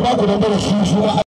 da ba ku dan bara shi shi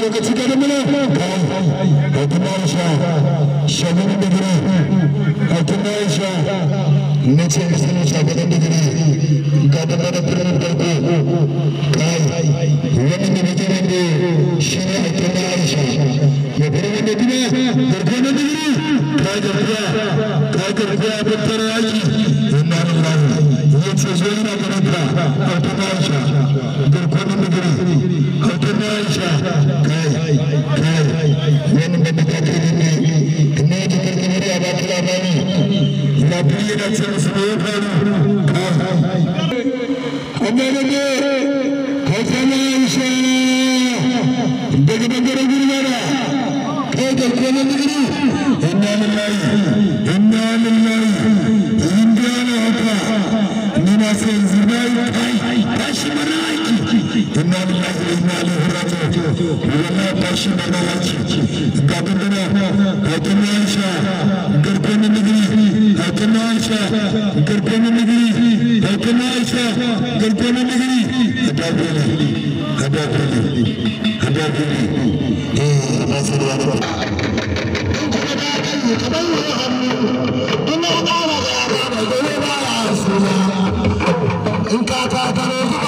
이렇게 두 개를 밀어 어떤 말이야 쇼는 데그래 어떤 말이야 नीचे इसने शाबदन दिखरी गादमर प्रेम करके काय वन निमित्त बंदे शिव अत्रमा आशा ये भरे में दिखने दर्शन में दिखरी काय करता काय करता पत्थर आई इन्हान लाल ये चीजें ना करता अत्रमा आशा दर्शन में दिखरी अत्रमा आशा Zibay, Tay, Taşı Maray, inna lillahi wa inna ilaihi raji'un yana tashi daga yanci ga dindina hakin aisha garben nigiri hakin aisha garben nigiri hakin aisha garben nigiri hadabuli hadabuli hadabuli eh nasir ya ko in ka ka ka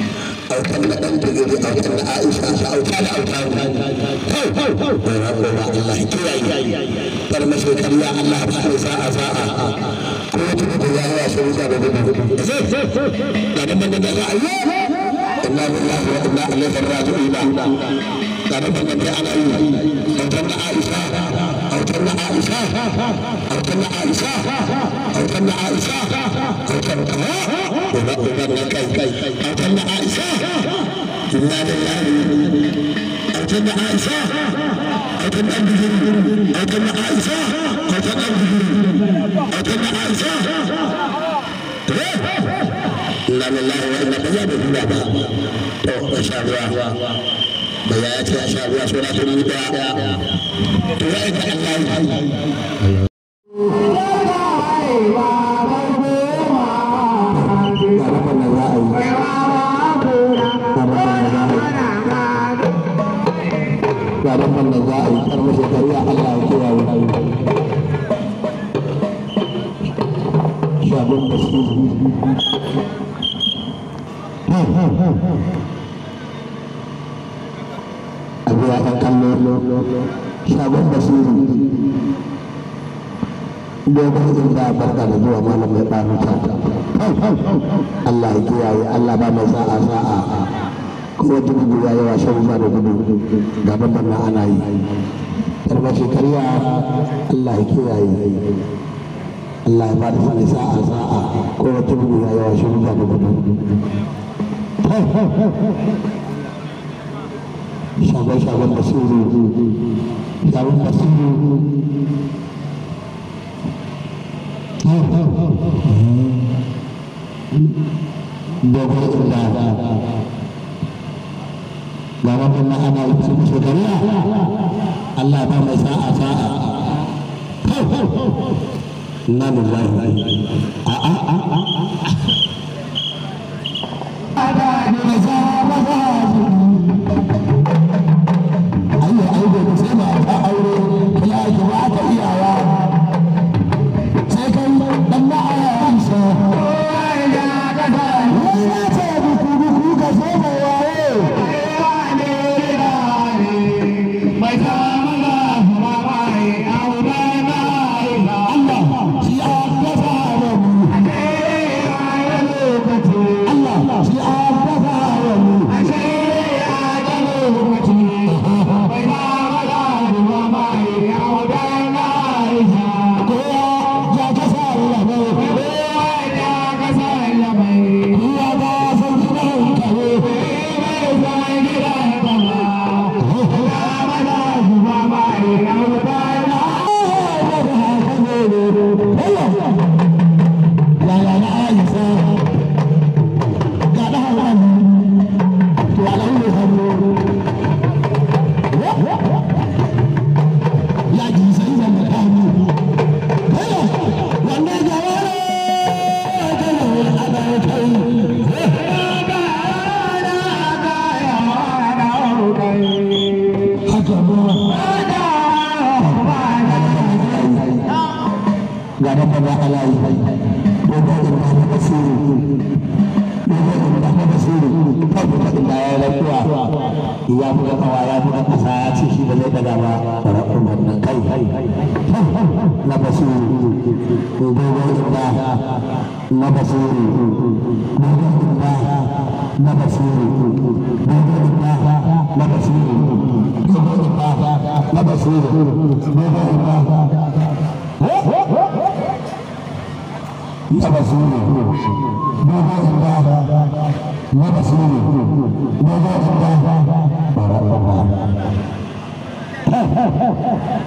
kan da ɗan da zai a kan Aisha su auka da auka ba ya ko ba Allah kiyaye bar mashi kariya Allah ba sai sa'a sa'a ko ta da ya ya shi da da da da da da Allah inna lillahi wa inna ilaihi raji'un da da da da Allah dan da Aisha Allah wa inna da ya ce a sha ruwa so na tuni da to ita Allah shagon basiri in da barka da zuwa malam mai ɓaruta Allah ya kiyaye Allah ba mai sa'a sa'a kuma dubu ya yawa shan ruwa da gudu ga babban na ana yi karba shekariya Allah ya kiyaye Allah ya ba da mai sa'a sa'a kuma dubu ya yawa shan ruwa da gudu shagon-shagon basiru shagon basiru dogon inda ga wannan ana yi cikin shekaru Allah ba mai sa'a sa'a na lullahi a a a a ya buga kawa ya buga kasa ya ce shi da zai daga ba fara umarnin kai na basiru dogon inda na basiru dogon inda na basiru dogon inda na basiru dogon inda na basiru dogon inda na basiru dogon inda na basiru dogon inda Oh, oh, oh,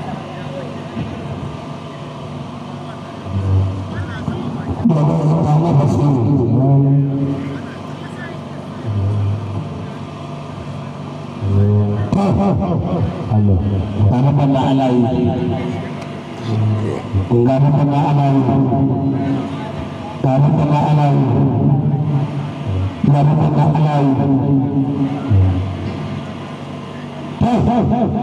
oh.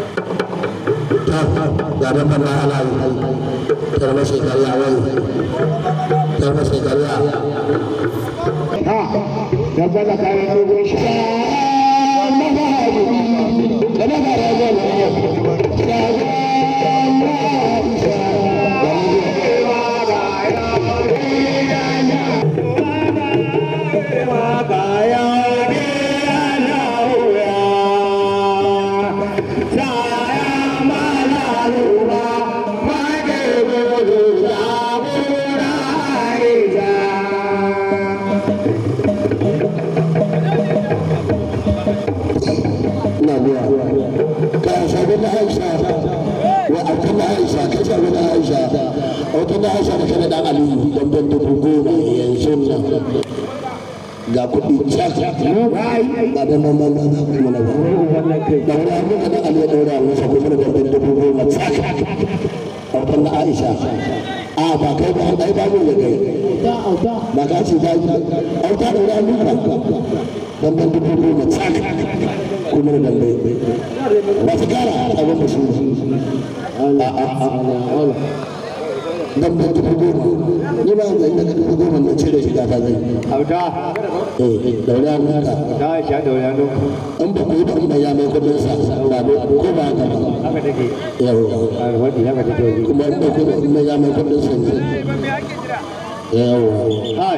daripada alam termasuk dari awal termasuk dari awal. Ha, daripada kalian aisha na da ga kuɗi da kuma na ba da wani abu da kuma da dubu goma aisha a ba kai ba ba da kai ba ka ce ba dubu goma umar gambe dan ni ba da shi da ka eh, da an ba da ya mai sa ko ba ka ba haka take take kuma da ya mai sa hai